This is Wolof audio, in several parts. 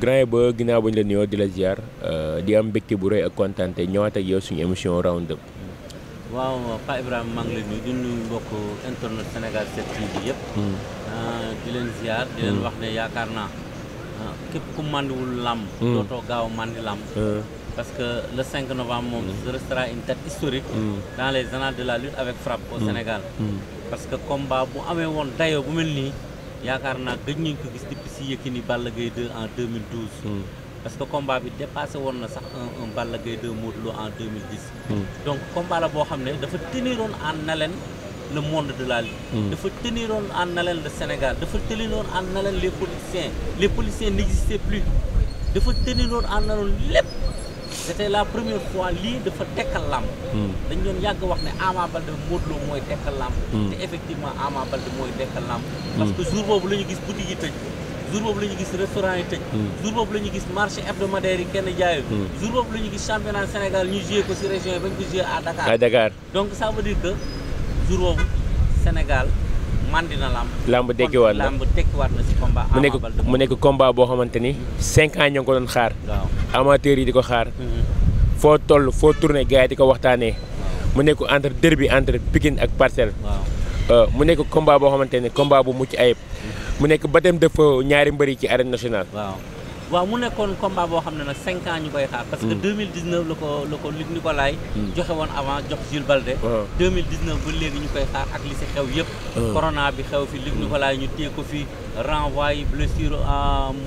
grand ba ginnaaw ba ñu la nuyoo di la ziar euh, di am mbégte bu rëy ak kontaan te ak yow suñu émission round up. waaw Pa Ibrahima maa ngi lay nuyu di nuyu mbokku internet Sénégal 7 TV yëpp. Hmm. Euh, di leen ziar di leen hmm. wax ne yaakaar naa euh, képp ku màndiwul làmb. Hmm. dootoo gaaw màndi làmb. parce que le 5 novembre moom ce restera une date historique. dans les de la lutte avec frappe au Sénégal. parce que combat bu amee woon dayoo bu mel nii yaakaar naa gëj nañ si Yékini Balla Gaye 2 en 2012. Hmm. parce que combat bi dépassé woon na sax un un Balla Gaye 2 Modou Lo en 2010. Hmm. donc combat la boo xam ne dafa teniroon en haleine le monde de la lutte. Hmm. dafa teniroon en haleine le Sénégal dafa teniroon en haleine les politiciens les politiciens n'existaient plus dafa teniroon en haleine lépp. c'était la première fois lii dafa tekkal làmb dañ doon yàgg wax ne Ama Baldé Modou Lo mooy tekkal làmb te effectivement Ama Baldé mooy tekkal làmb parce la gis jour la ñu gis restaurant yi hmm. la ñu gis marché hebdomadaire yi kenn jaayu hmm. jour boobu la ñu Sénégal ñu joué ko si région yi ba ñu ko joué à Dakar à Dakar dekkiwaat na lamb dekkiwaat na si combat mu nekk mu nekk combat boo xamante ni cinq ans ñoo ngi ko doon xaar amateurs yi di ko xaar hmm. foo toll foo tourné gars yi di ko waxtaanee mu nekk entre derby entre Pikine ak Parcelles euh, mu nekk combat boo xamante ne combat bu mucc ayib mu nekk ba dem feu ñaari mbëri ci arène nationale. waaw waaw mu nekkoon combat boo xam ne nag 5 ans ñu koy xaar. parce que 2019 mm. la ko la ko Luc Nicolaï mm. joxe woon avant jox Jules Baldé. 2019 ba léegi ñu koy xaar ak li si xew yëpp. Mm. corona bi xew fi Luc Nicolaï ñu téye ko fi renvoi blessure à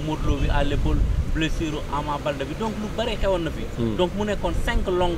Modou bi à l'épaule blessure Ama Baldé bi donc lu bëri xewoon na fi. donc mu nekkoon cinq longues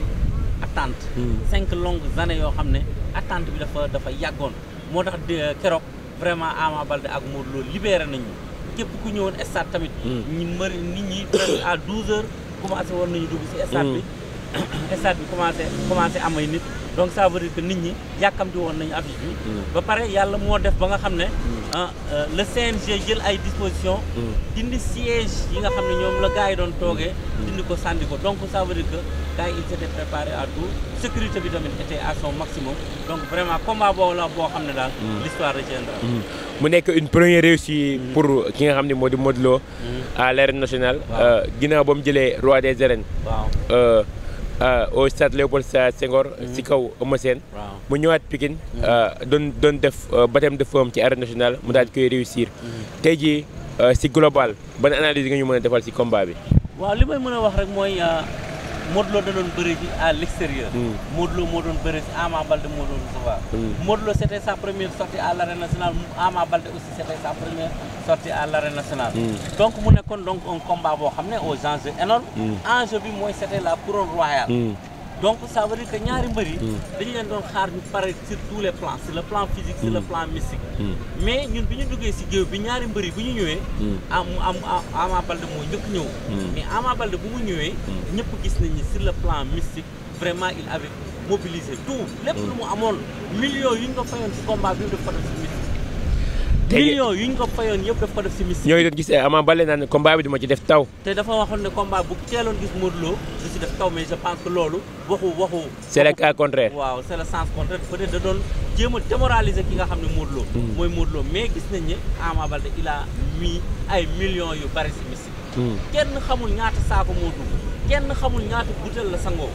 attentes. 5 longues années yoo xam ne attente bi dafa dafa yàggoon moo tax keroog. vraiment Ama Baldé ak Modou Lo libéré nañu képp ku ñëwoon stade tamit. Hmm. ñu mari nit ñi à 12 heures commencé woon nañu dugg si stade bi. Hmm. stade bi commencé commencé amay nit. donc ça veut que nit ñi yàkkamti woon nañu affiche bi. Mm. ba pare yàlla moo def ba nga xam ne. Mm. ah euh, le CNG jël ay dispositions. Mm. dindi siège yi nga xam ne ñoom la gars yi doon toogee. dindi ko sandi ko donc ça veut dire que gars yi préparé à tout sécurité bi tamit était à son maximum donc vraiment combat boobu la boo xam ne daal. l'histoire retiendra. mu nekk une premier réussite. pour ki nga xam ne moo di Modou à l'arène nationale. Euh, ginnaaw ba mu jëlee roi des arènes. waaw. Euh, Euh, au stade Léopold Senghor. si mhm. kaw Eumeu Sène. mu ñëwaat Pikine. Mhm. Euh, doon doon def euh, baptême de forme ci arène nationale mu daal di koy réussir. Mhm. tey jii si global ban analyse nga ñu mën a defal si combat bi. waaw li may mën a wax rek mooy. moo Lo da doon bëri ji à l'extérieur. Hmm. Modou moo doon bëri si Ama Baldé moo doon recevoir. Hmm. Modou Lo c'était sa première sortie à l'arène nationale Ama Baldé aussi c'était sa première sortie à l'arène nationale. Hmm. donc mu nekkoon donc on combat boo xam ne aux enjeux énormes. enjeu bi mooy c'était la couronne royale. donc ça veut dire que ñaari mbër yi hmm. dañu leen doon xaar ñu pare sur tous les plans sur le plan physique sur le hmm. plan mystique hmm. mais ñun bi ñu duggee si géew bi ñaari mbër yi bu ñu ñëwee am am Ama Baldé moo njëkk ñëw mais Ama Baldé bu mu ñëwee ñëpp gis nañu sur le plan mystique vraiment il avait mobilisé tout lépp lu mu amoon millions yi ñu ko fayoon si combat bi dafa def si mystique millions yu ñu ko fayoon yëpp daf ko def si mystique. ñooñu doon gis eh, Ama Baldé naan ne combat bi duma ci def taw. te dafa waxoon ne combat bu teeloon gis Modou Lo du def taw mais je pense que loolu waxu waxu. c' est le waaw c' est le sens contraire da doon jéem a démoraliser ki nga xam ne Modou Lo. Hmm. mooy Modou Lo mais gis nañ ne Ama Baldé il a mis ay millions yu bari si mystique. Hmm. kenn xamul ñaata saako moo kenn xamul ñaata butéel la sangoo.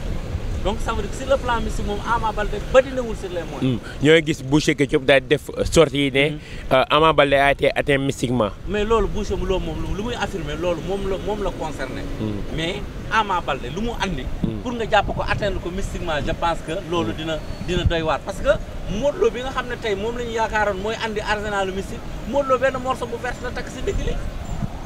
donc ça veut dire que sur le plan mystique moom Ama Baldé badinawul sur les moyens. Mm. ñoo gis Boucher que Diop daal def sortie yi ne mm-hmm. euh, Ama Baldé a été atteint mystiquement. mais loolu Boucher mu loolu moom lu muy affirmer loolu moom la moom la concerné. Mm. mais Ama Baldé lu mu andi. Mm. pour nga jàpp ko atteindre ko mystiquement je pense que loolu dina dina doy waar parce que Modou bi nga xam ne tey moom la ñu yaakaaroon mooy andi arsenal lu mystique Modou benn morceau bu vert la takk si digg li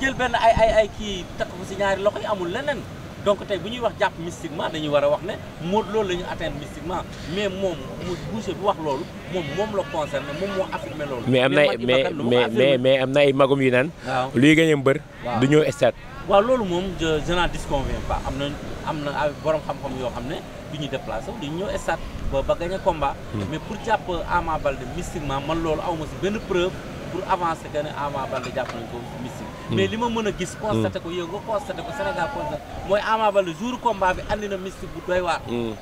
jël benn ay ay kii takk ko loxo yi amul leneen. donc tey bu ñuy wax jàpp mystiquement dañuy war a wax ne moot Lo la ñu atteindre mystiquement mais moom mu Boucher bi wax loolu moom moom la concerné moom moo affirmé loolu. mais am na mais mais mais mais am na ay magum yu naan. waaw luy gën a ñëw stade. waaw loolu moom je je n'en am na am na borom xam-xam yoo xam ne du ñu déplacé wu ñëw stade ba ba gagné combat. Hmm. mais pour jàpp Ama Baldé mystiquement man loolu aw ma si benn preuve pour avancer que ne Ama jàpp nañu ko mystique. Mm. mais li ma mën a gis constaté ko mm. yow nga constaté ko Sénégal constaté mooy Ama Baldé jour combat bi andi na mystique bu doy waar mm.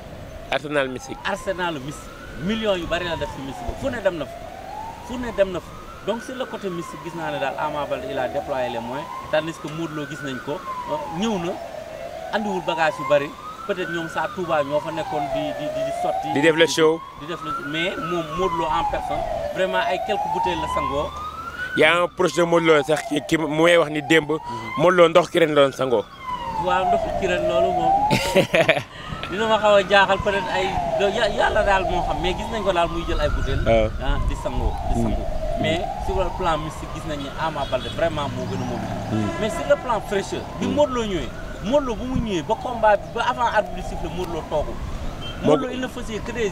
arsenal mystique arsenal mystique millions yu bari la def si mystique fu ne dem na fa fu ne dem na fa donc sur le côté mystique gis naa ne daal Ama Baldé il a le les moyens tandis que Modou Lo gis nañ ko euh, ñëw na andiwul bagage yu bari peut-être ñoom saa Touba ñoo fa nekkoon di di di sotti di def le show di def le mais moom Modou Lo en personne vraiment ay quelques bouteilles la sangoo y a un projet de sax ki ki mu may wax ni démb. Modou Lo ndox ki ren sangoo. waaw ndoxu ki ren loolu moom. dina ma xaw a jaaxal peut être ay yàlla daal moo xam mais gis nañ ko daal muy jël ay butéel. ah, ah di sangoo di sangoo. Hmm. mais sur le plan mystique gis nañ ne Ama Baldé vraiment moo gën a mobilisé. Hmm. mais sur le plan fraîcheur. bi hmm. Modou Lo ñëwee. Modou bu mu ñëwee ba combat bi ba avant arbitre bi siffle Modou Lo toogul. Modou Lo il ne faisait que des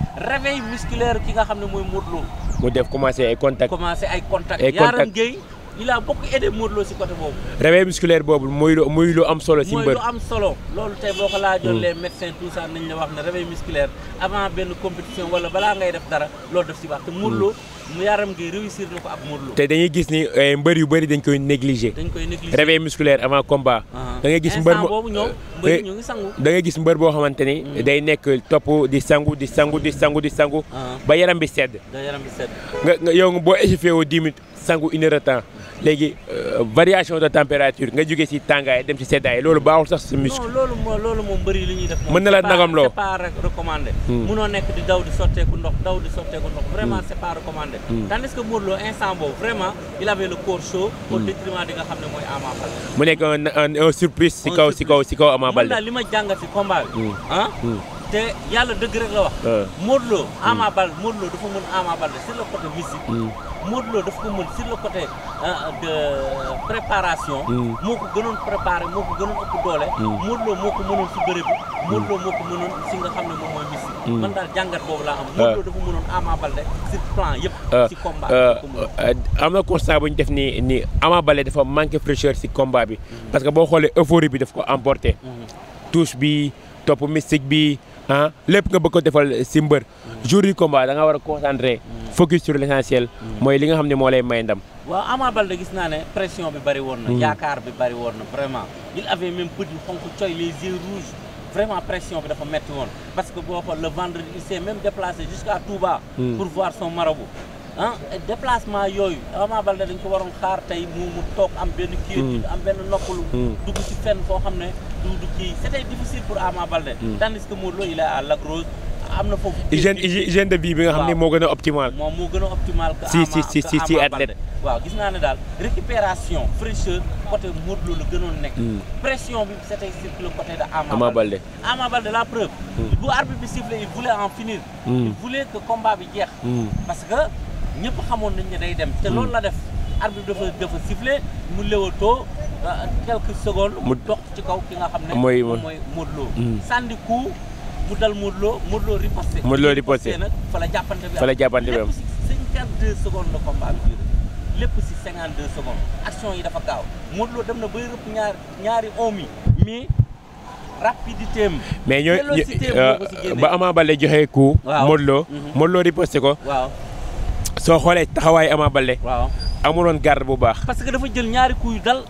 réveil musculaire ki nga xam ne mooy Modou Lo mu def commencé ay contact commencé ay contact Yaaram il a beaucoup aidé Modou Lo si côté boobu. réveil musculaire boobu muy lu muy lu am solo. si mbër am solo. loolu tey boo ko laajoon hmm. les médecins tout ça nañ la wax ne réveil musculaire avant benn compétition wala balaa ngay def dara loolu def si baax te Modou hmm. mu yaram gi réussir na ko ab Modou te dañuy gis ni eh, mbër yu bëri dañ koy négligé. dañ koy négligé réveil musculaire avant combat. Ah. da ngay gis mbër boobu ñoom eh, mbër ñu ngi gis mbër boo xamante ni. Hmm. day nekk topp di sangu di sangu di sangu di sangu. Ah. ba yaram bi sedd. ba yaram bi yow boo échauffé woo 10 minutes léegi euh, variation de température nga jóge ci tàngaay dem ci seddaay loolu baaxul sax ci muscle. non loolu moom bëri li ñuy def. mën na la nagam loo c'est pas recommandé. Hmm. munoo nekk di daw di sotteeku ndox daw di sotteeku ndox. Hmm. vraiment c'est pas recommandé. Hmm. tandis que Modou Lo instant boobu vraiment il avait le corps chaud. di nga xam ne mooy Ama Baldé. mu nekk un un surprise ci kaw ci kaw ci kaw amaa Ama Baldé. li ma jàngat ci combat bi ah? te yàlla dëgg rek la wax. Modou Lo mm. Ama Baldé Modou Lo dafa mën Ama Baldé mm. dafa ko mën sur le côté euh, préparation. Mm. moo ko gënoon préparé moo ko gënoon ëpp doole. Modou moo ko moo ko mënoon si nga xam ne moom mooy musique. man daal jàngat boobu laa am. Modou Lo dafa mënoon Ama Baldé si plan yëpp. si euh, combat euh, bu ñu def ni ni Ama Baldé dafa si combat bi. parce que boo xoolee euphorie bi daf ko emporté. touche bi topp mystique bi. ah lépp nga bëgg ko defal si mbër mm. jour du combat da war a concentrer mm. focus sur l' mm. mooy li nga xam ne moo lay may ndam waaw Ama Baldé gis naa ne pression bi bari woon na yaakaar bi bëri woon na vraiment il avait même bët yu coy les yeux rouges vraiment pression bi dafa metti woon parce que boo xool le vendredi il s'est même déplacé jusqu'à Touba pour voir son marabout ah déplacement yooyu Ama Baldé dañ ko waroon xaar tey mu mu toog am benn kii hmm. am benn noppalu hmm. dugg ci fenn foo xam ne du du kii c'était difficile pour Ama Baldé hmm. tandis que Modou Lo il est à Lac Rose am na foofu hygiène hygiène de vie bi nga xam ne moo gën a optimal moom moo gën a optimal que si gis naa ne daal récupération fraîcheur côté Modou Lo la gënoon nekk pression bi c'était sur le côté de Ama Baldé Ama Baldé la preuve bu arbitre bi sifflé il voulait en finir il voulait parce que ñëpp xamoon nañ ne day dem te hmm. loolu la def arbitre dafa dafa sifflé mu léwatoo euh, quelques secondes mu dox ci kaw ki nga xam ne mooy mooy Modou Lo hmm. sànni coup mu dal Modou Lo Modou Lo riposté Modou Lo riposté nag fa la la jàppante bi am cinquante deux secondes la combat bi lépp yi dafa gaaw Modou dem na bay rëpp ñaari oom yi mais rapidité mais ñoo euh, ba Ama bale joxe coup Modou Lo mhm. Modou Lo riposté ko waaw soo xoolee taxawaayu amaa Baldé. waaw amuloon garde bu baax. parce que dafa jël ñaari coup yu dal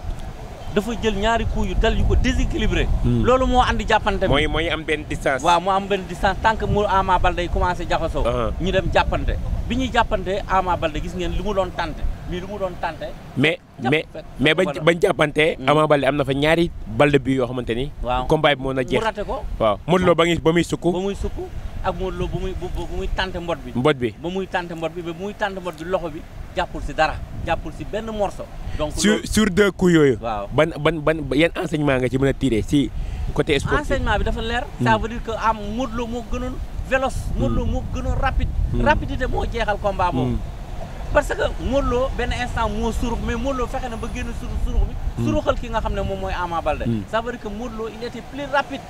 dafa jël ñaari coup yu dal yu ko déséquilibré. Hmm. loolu moo andi jàppante bi. mooy mooy am benn distance. waaw moo am benn distance tant que mu Ama Baldé commencé jaxasoo. Uh-huh. ñu dem jàppante bi ñuy jàppante Ama Baldé gis ngeen li mu doon tante lii mu doon tante. mais mais mais bañ bañ jàppante. Hmm. Ama Baldé am na fa ñaari Baldé bi yoo xamante ni. waaw combat bi moo na jeex mu raté ko. waaw Modou Lo ba muy sukk. ba muy sukk. ak Modou Lo bu muy tànte mbot bi. mbot bi ba muy tànte mbot bi ba muy tànte mbot bi loxo bi jàppul si dara jàppul si benn morceau. donc sur sur deux yooyu. waaw ban ban ban yan enseignement nga ci mën a tiire si côté sportif. enseignement bi dafa leer. Hmm. ça veut que am Modou Lo moo gënoon véloce. Hmm. Modou Lo moo gënoon rapide. Hmm. rapidité moo jeexal combat boobu. parce que Modou Lo benn instant moo surux mais mooloo fexe na ba génn surux surux bi. suruxal ki nga xam ne moom mooy Ama Baldé. ça veut dire que Modou Lo il était plus rapide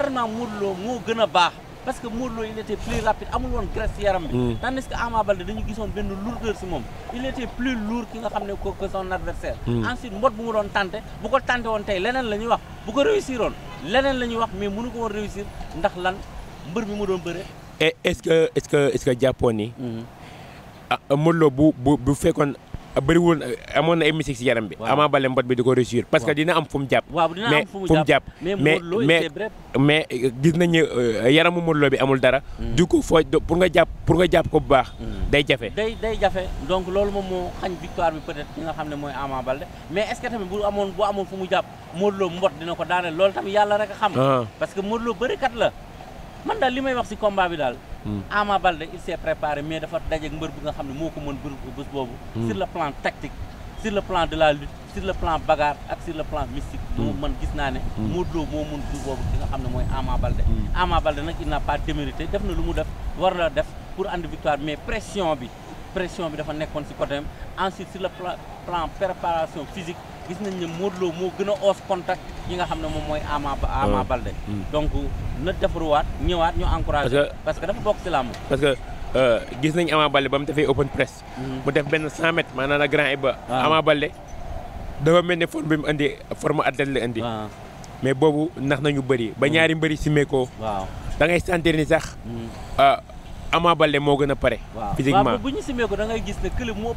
moo gën a baax. parce que Modou Lo il était plus rapide amul woon graisse yaram bi. Mm. tandis que Ama Baldé dañu gisoon benn lourdeur si moom il était plus lourd ki nga xam ne que son adversaire mm. ensuite mbot bu mu doon tenté bu ko tenté woon tey leneen la wax bu ko réussir leneen la ñuy wax mais mënu ko woon réussir ndax lan mbër bi mu doon bëre. est ce que est ce que est ce que jàppoon ni. Mm-hmm. ah Modou Lo bu bu bu fekkoon. bëriwul amoon na ay musique si yaram bi. Ama Baldé mbot bi di ko réussir. parce que dina am fu mu jàpp. mais fu mu jàpp mais mais mais gis nañu euh, yaramu Modou Lo bi amul dara. Hmm. du coup foo pour nga jàpp pour nga jàpp ko bu baax. Hmm. day jafe day day jafe donc loolu moom moo xañ victoire bi peut-être nga xam ne mooy Ama Baldé mais est-ce que tamit bu amoon fu mu jàpp Modou Lo mbot dina ko daaneel loolu tamit yàlla rek a xam. Ah. parce que loo Lo kat la. man daal li may wax si combat bi daal. Hmm. Ama Baldé il s'est préparé mais dafa dajeeg mbër bu nga xam ne moo ko mën bés boobu. Hmm. sur le plan tactique sur le plan de la lutte sur le plan bagarre ak sur le plan mystique. moo hmm. mën gis naa ne. Modou Lo moo mën du boobu ki nga xam ne mooy Ama Baldé. Ama Baldé nag il n'a pas démérité def na lu mu def war la def pour andi victoire mais pression bi pression bi dafa nekkoon si côté am ensuite sur le plan préparation physique. gis nañ ne Modou Lo moo gën a oos contact yi nga xam ne moom mooy Ama ah. Ama Balde. Hmm. donc na defaruwaat ñëwaat ñu encouragé. parce que dafa bokk si làmb parce que euh, gis nañ Ama Balde ba mu defee open press. Hmm. mu def benn 100 mètres maanaam la grand Iba. Ah. Ama Balde dafa mel ne forme bi mu indi forme athlète la indi. Ah. mais boobu nax nañu bëri ba hmm. ñaari mbëri simee ko. waaw da ngay sentir ni sax. Euh, Ama Balde moo gën a pare. physiquement waaw ñu simee ko da ngay gis ne kële moo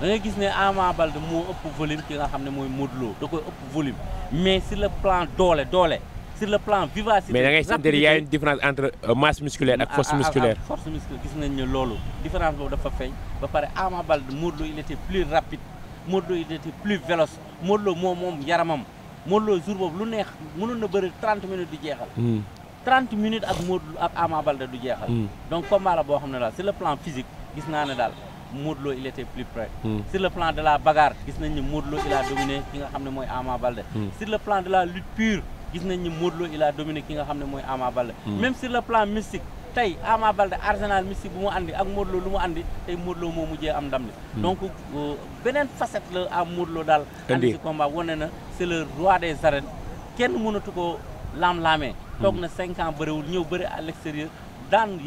da nga gis ne Ama Baldé moo ëpp volume ki nga xam ne mooy Modou Lo da koy ëpp volume mais sur le plan doole doole sur le plan vivacité. mais da ngay sentir y a une différence entre euh, masse musculaire ak ah, ah, ah, force musculaire. gis nañ ne loolu différence boobu dafa feeñ ba pare Ama Baldé Modou Lo il était plus rapide Modou il était plus véloce Modou Lo moom moom yaramam Modou Lo boobu lu neex mënoon na bëri 30 minutes di jeexal. 30 hmm. minutes ak Modou ak Ama Baldé du jeexal. Hmm. donc combat la boo xam ne daal sur plan physique gis naa ne daal. Modou Lo il était plus près. Hmm. sur le plan de la bagarre gis nañ ni Modou Lo il a ki nga xam ne mooy Ama Baldé. Hmm. sur le plan de la lutte pure gis nañ ni Modou Lo il a dominé ki nga xam ne mooy Ama Baldé. Hmm. même sur le plan mystique tey Ama Baldé Arsenal mystique bu mu andi ak Modou Lo lu mu andi tey Modou Lo moo mujjee am dam li donc euh, beneen facette la à Modou Lo daal. andi si combat wane na c'est le roi des arènes kenn mënatu ko laam-laamee. toog na cinq ans ñëw bëri à l'extérieur daan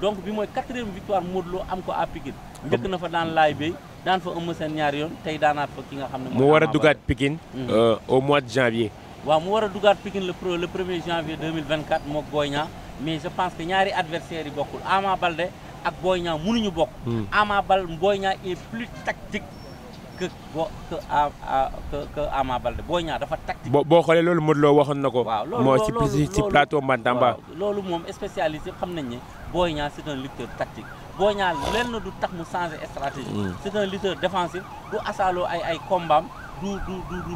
donc bi mooy quatrième victoire Modou Lo am ko à Pikine njëkk na daan laay bay daan fa ëmm seen ñaari yoon tey daanaat fa ki nga xam ne moo war a dugaat Pikine mm-hmm. euh, au mois de janvier mu war a dugaat Pikine le pro le premier janvier 2024 mook Boy Niang mais je pense que ñaari adversaires yi bokkul bal Baldé ak Boy Niang mënuñu bokk mm. Ama bal Boy Niang est plus tactique que boo que que Ama Baldé dafa tactique. boo boo xoolee loolu Modou loo waxoon na ko. waaw moo ci ci plateau Mbantamba. loolu moom spécialiste xam nañ ne boo Niang c'est un lutteur boo Boy Niang lenn du tax mu changer stratégie. Mm. c'est un lutteur défensif du asaaloo ay ay kombaam du du du du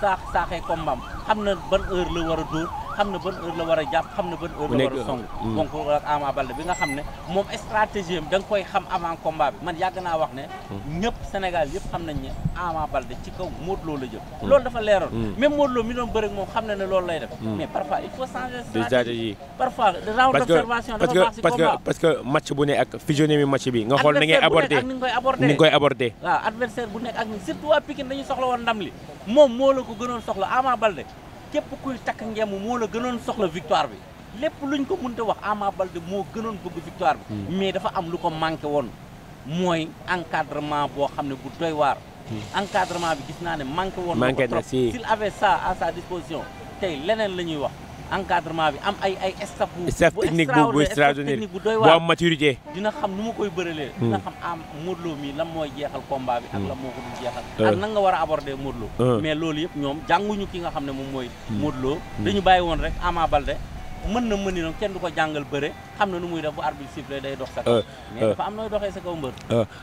saax saaxee kombaam xam na ban heure la war a dóor. xam na ban heure la war a jàpp xam na ban heure la war a song mm. donc euh, ak Ama Baldé bi nga xam ne moom stratégie am da nga koy xam avant combat bi man yàgg naa wax ne mm. ñëpp Sénégal yëpp xam nañ ne Ama Baldé ci kaw Modou la jëm mm. loolu dafa leeroon même Modou Lo mi doon bëre moom xam na ne loolu lay def mais parfois il faut changer stratégie parfois round d'observation dafa baax si combat que match bu ne ak physionomie match bi nga xool ni ngay aborder ni nga koy aborder waaw adversaire bu nekk ak ni surtout waa Pikine dañu soxla woon ndam képp kuy takk ngeemu moo la gënoon soxla victoire bi lépp luñ ko mënta wax Ama Baldé moo gënoon bëgg victoire bi. Hmm. mais dafa am lu ko manqué woon mooy encadrement boo xam ne bu doy waar. Hmm. encadrement bi gis naa ne manqué woon. manqué na si s'il avait ça à sa disposition tey leneen la ñuy wax. encadrement bi am ay ay staff bu staff technique bu extraordinaire bu doy waar bu am maturité dina xam nu ma koy bëralee hmm. dina xam am Modou Lo mi lan mooy jeexal combat bi ak hmm. lan moo ko dul jeexal hmm. ak nan nga war a aborder Modou mais loolu yëpp ñoom jànguñu ki nga xam ne moom mooy Modou Lo dañu bàyyi woon rek Ama Baldé mën na mën noonu kenn du ko jàngal bëre xam na nu muy def bu arbitre sifflé day dox sa kaw mais dafa am nooy doxee sa kaw mbër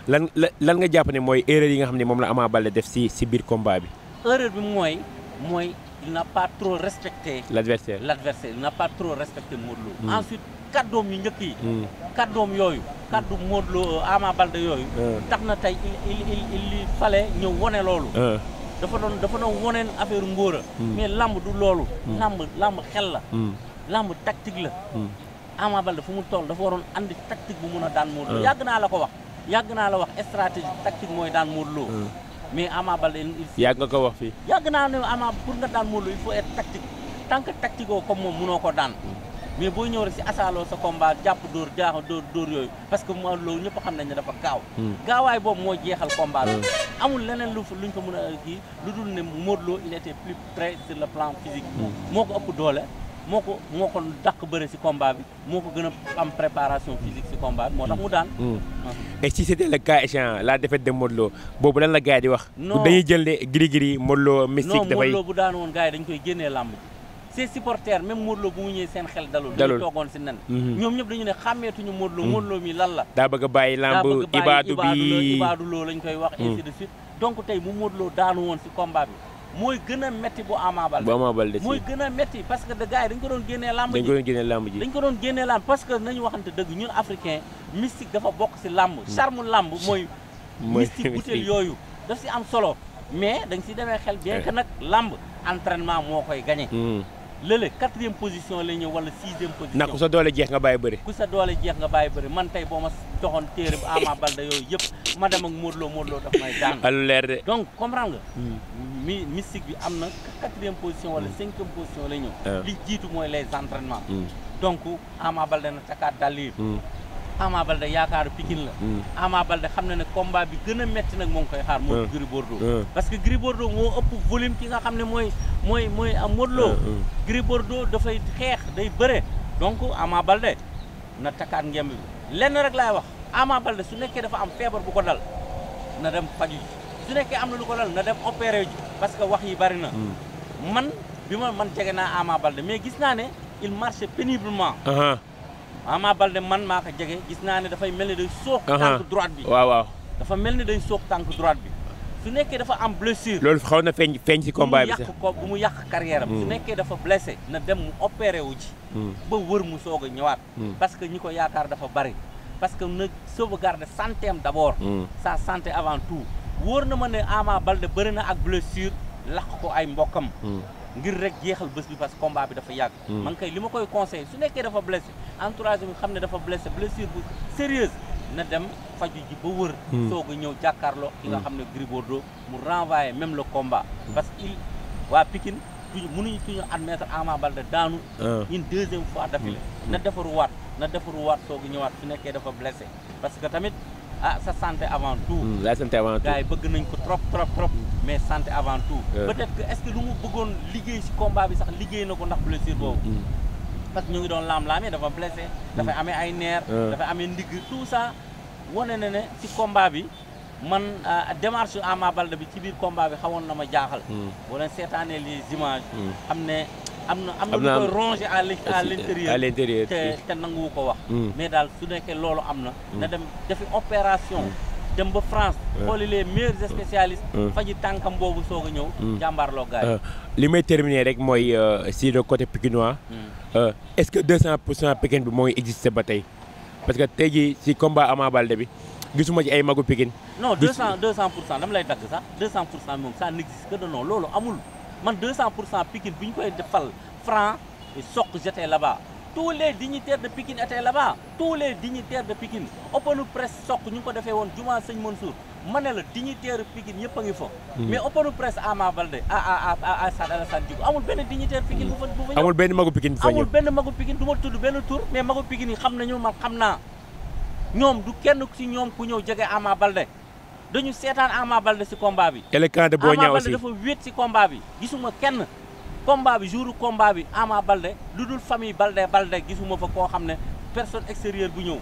lan lan nga jàpp ne mooy erreur yi nga xam ne moom la Ama Baldé def si si biir combat bi erreur bi il n'a pas trop respecté. l'adversaire l'adversaire il n'a pas trop respecté Modou Lo. Hmm. ensuite kàddoom yu njëkk yi. Hmm. kàddoom yooyu. kàddu Modou Lo euh, Ama Baldé yooyu. Hmm. tax na tey il il il ñëw wone loolu. dafa doon dafa doon woneen affaire ngóora. mais lamb du loolu. làmb làmb xel la. làmb tactique la. Ama Baldé fu mu toll dafa waroon andi tactique bu mun a daan Modou Lo. yàgg naa la ko wax yàgg naa la wax stratégie tactique mooy daan Modou mais Ama Baldé yàgg nga ko wax fii. yàgg naa ne Ama pour nga daan Modou Lô il faut être tactique tant que tactique comme moom munoo ko daan. mais boo ñëw rek si asaaloo sa combat jàpp dóor jaaxal dóor dóor yooyu parce que Modou Lô ñëpp xam nañ ne dafa gaaw. Hmm. gaawaay boobu moo jeexal combat bi. Hmm. amul leneen lu luñ ko mën a kii lu dul ne Modou Lô il était plus près sur le plan hmm. moo ko ëpp doole. moo ko moo ko dàq bëre ci combat bi moo ko gën a am préparation physique ci combat moo tax mu daan. Mm. Mm. Ah. et si c'était le cas échéant la defet de Modou boobu lan la gars di wax. non dañuy jël ne Gris Gris Modou Lo mystique dafay non bu daan woon gars yi dañ koy génnee làmb ji. ses supporters même Modou Lo bu mu ñëwee seen xel dalul. dalul dañu toogoon si nen. Mm-hmm. ñoom ñëpp dañu ne xàmmeetuñu Modou Lo. Mm. Modou mi lan la. daa bëgg a bàyyi làmb ibaadu bi daa a bàyyi loo ibaadu koy wax. ainsi de suite tey mu Modou Lo daanu woon si combat mooy gën a metti bu Ama Baldé bu Ama Baldé mooy gën a metti parce que da gars yi dañ ko doon génnee làmb ji dañ ko doon génnee làmb ji dañ ko doon génnee làmb parce que nañu waxante dëgg ñun africain mystique dafa bokk si làmb hmm. charme làmb mooy mystique butéel yooyu daf si am solo mais da nga si demee xel bien eh. que nag làmb entraînement moo koy gagné hmm. léeg-léeg quatrième position la ñëw wala sixième position ndax ku sa doole jeex nga bàyyi bëri ku sa doole jeex nga bàyyi bëri man tey boo ma doxoon téere bu Ama Baldé yooyu yëpp ma dem ak Modou Lo Modou Lo daf may daan alu leer de donc comprendre nga hmm. mi mystique bi am na quatrième position wala mm. cinquième position la ñëw eh. li jiitu mooy les entraînements mm. donc Ama Baldé na takkaat dàlliir mm. Ama Baldé yaakaaru Pikine la Ama Baldé xam na ne combat bi gën a metti nag moo ngi koy xaar mooy eh. Gris Bordeaux eh. parce que Gris Bordeaux moo ëpp volume ki nga xam ne mooy mooy mooy euh, Modou Lo Gris Bordeaux dafay xeex day bëre donc Ama Baldé na takkaat ngemb lenn rek laay wax Ama Baldé su nekkee dafa am feebar bu ko dal na dem faju ji su nekkee am na lu ko lal na dem opéré ju parce que wax yi bari na. Hmm. man bi ma man jege naa Ama Balde mais gis naa ne il marchait péniblement. Ama Balde man maa ko jege gis naa ne dafay mel ni day soox. tànk droite bi waaw waaw. dafa mel ni day soox tànk droite bi. su nekkee dafa am blessure. loolu xaw na feeñ feeñ ci combat bi sax ko bu mu yàq carrière am. su hmm. nekkee dafa blessé na dem mu opéré wu ci. Hmm. ba wër mu soog a ñëwaat. parce que ñi ko yaakaar dafa bari. parce que na sauvegarder santé am d' abord. sa santé avant tout. wóor na ma ne Ama Baldé bëri na ak blessure laq ko ay mbokkam hmm. ngir rek jeexal bés bi parce que combat bi dafa yàgg hmm. man kay li ma koy conseil su nekkee dafa blessé entourage bi xam ne dafa blessé blessure bu sérieuse na dem faju ji ba wër hmm. soog a ñëw jàkkaarloo ki nga xam ne Gris Bordeaux mu renvoyé même le combat parce que il waa Pikine duñu ñu tuñu admettre Ama Baldé daanu ah. une deuxième fois d'affilée na defaruwaat na defaruwaat soog a ñëwaat su nekkee dafa blessé parce tamit ah sa santé avant tout. Hmm, la santé avant tout gars yi bëgg nañ ko trop trop trop. mais santé avant tout. Euh. peut-être que est-ce que lu mu bëggoon liggéey ci combat bi sax liggéey na ko ndax blessure boobu. Hmm, hmm. parce que ñu ngi doon laam-laamee dafa blessé. dafa amee ay neer euh. dafa amee ndigg tout ça wane na ne si combat bi. man euh, demarche Ama Baldé bi ci biir combat bi xawoon na ma jaaxal. wala seetaanee les images. xam ne am na am na lu koy rongé à l'intérieur à l'intérieur te te nanguwu ko wax hmm. mais daal su nekkee loolu am na hmm. na dem defi opération hmm. dem ba France xooli les meilleurs spécialistes faji tànkam boobu soog a ñëw jàmbaarloo gars yi euh, li may terminer rek mooy euh, si le côté pikinois euh, est-ce que deux cent pour cent Pikine bi moo ngi ba tey parce que tey jii si combat Ama Baldé bi gisuma ci ay magu Pikine non deux cent deux cent pour cent dama lay dagg sax deux cent pour cent moom loolu amul man 200 pour cent Pikine bu ñu koy defal franc soq j'étais là di tous teer dignitaires de Pikine étaient là-bas di les dignitaires de Pikine open press soq ñu ko defee woon jumaa sëñ Mansour ma ne la dignitaire Pikine ñëpp a ngi fa. Hmm. mais open press Ama Baldé à à à à Sad Alassane amul benn dignitaire Pikine bu fa bu fa ñëw. amul benn magu Pikine bu fa ñëw amul benn magu Pikine du ma tudd benn tur mais magu Pikine yi xam nañu man xam naa ñoom du kenn ci ñoom ku ñëw jege Ama Baldé. dañu seetaan Ama Baldé si combat bi. et boo camp de Boy Niang dafa wéet si combat bi gisuma kenn. combat bi jouru combat bi Ama Baldé lu dul famille Baldé Baldé gisuma fa koo xam ne personne extérieure bu ñëw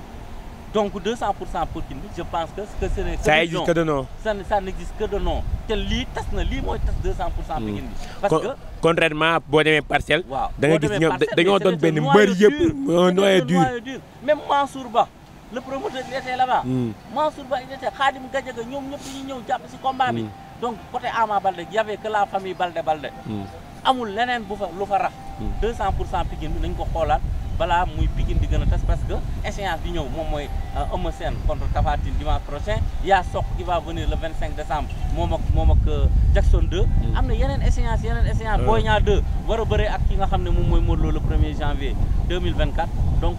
donc 200 pour cent pour Kindle je pense que que ce n'est que ça existe que de nom ça ça n'existe que te lii tas na lii mooy tas 200 pour cent hmm. bi parce que contrairement boo demee parcelle. waaw da nga gis ñoom dañoo doon benn mbër yëpp. noyau dur même Mansour Ba. le promoteur il était là-bas. Hmm. Mansour Ba il était Khadim Gadiaga ñoom ñëpp dañuy ñëw jàpp si combat bi. Hmm. donc côté Ama Balde y avait que Balde Balde. Hmm. amul leneen bu fa lu fa rax. 200 pour cent Pikine bi nañ ko xoolaat balaa muy Pikine di gën a tas parce que échéance bi ñëw moom mooy euh, Eumeu Sène contre Tapha Tine dimanche prochain yaa soq qui va venir le 25 décembre moom ak moom euh, Jackson 2. am na yeneen échéance yeneen échéance Boy ñaa 2 war a bëree ak ki nga xam ne moom mooy Modou Lo le 1er janvier 2024 donc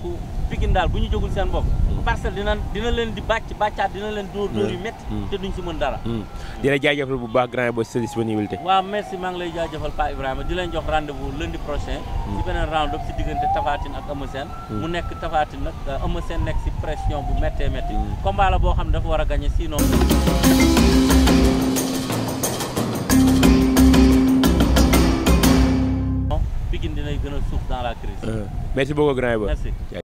Pikine daal bu ñu jógul seen bopp. parcelle dina dina leen di bàcc bàccaat dina leen dóor dóor yu métti hmm. hmm. te duñ si mën dara hmm. dina jaajëfal bu baax grand ba sa disponibilité waaw merci maa ngi lay jaajëfal Pa Ibrahima di leen jox rendez-vous lundi prochain si beneen round up si diggante Tapha ak Eumeu mu nekk Tapha Tine nag euh, Eumeu Sène nekk si pression bu méttee métti combat la boo xam ne dafa war a gagné sinon Pikine dinay gën a suuf dans la crise euh, merci beaucoup grand ba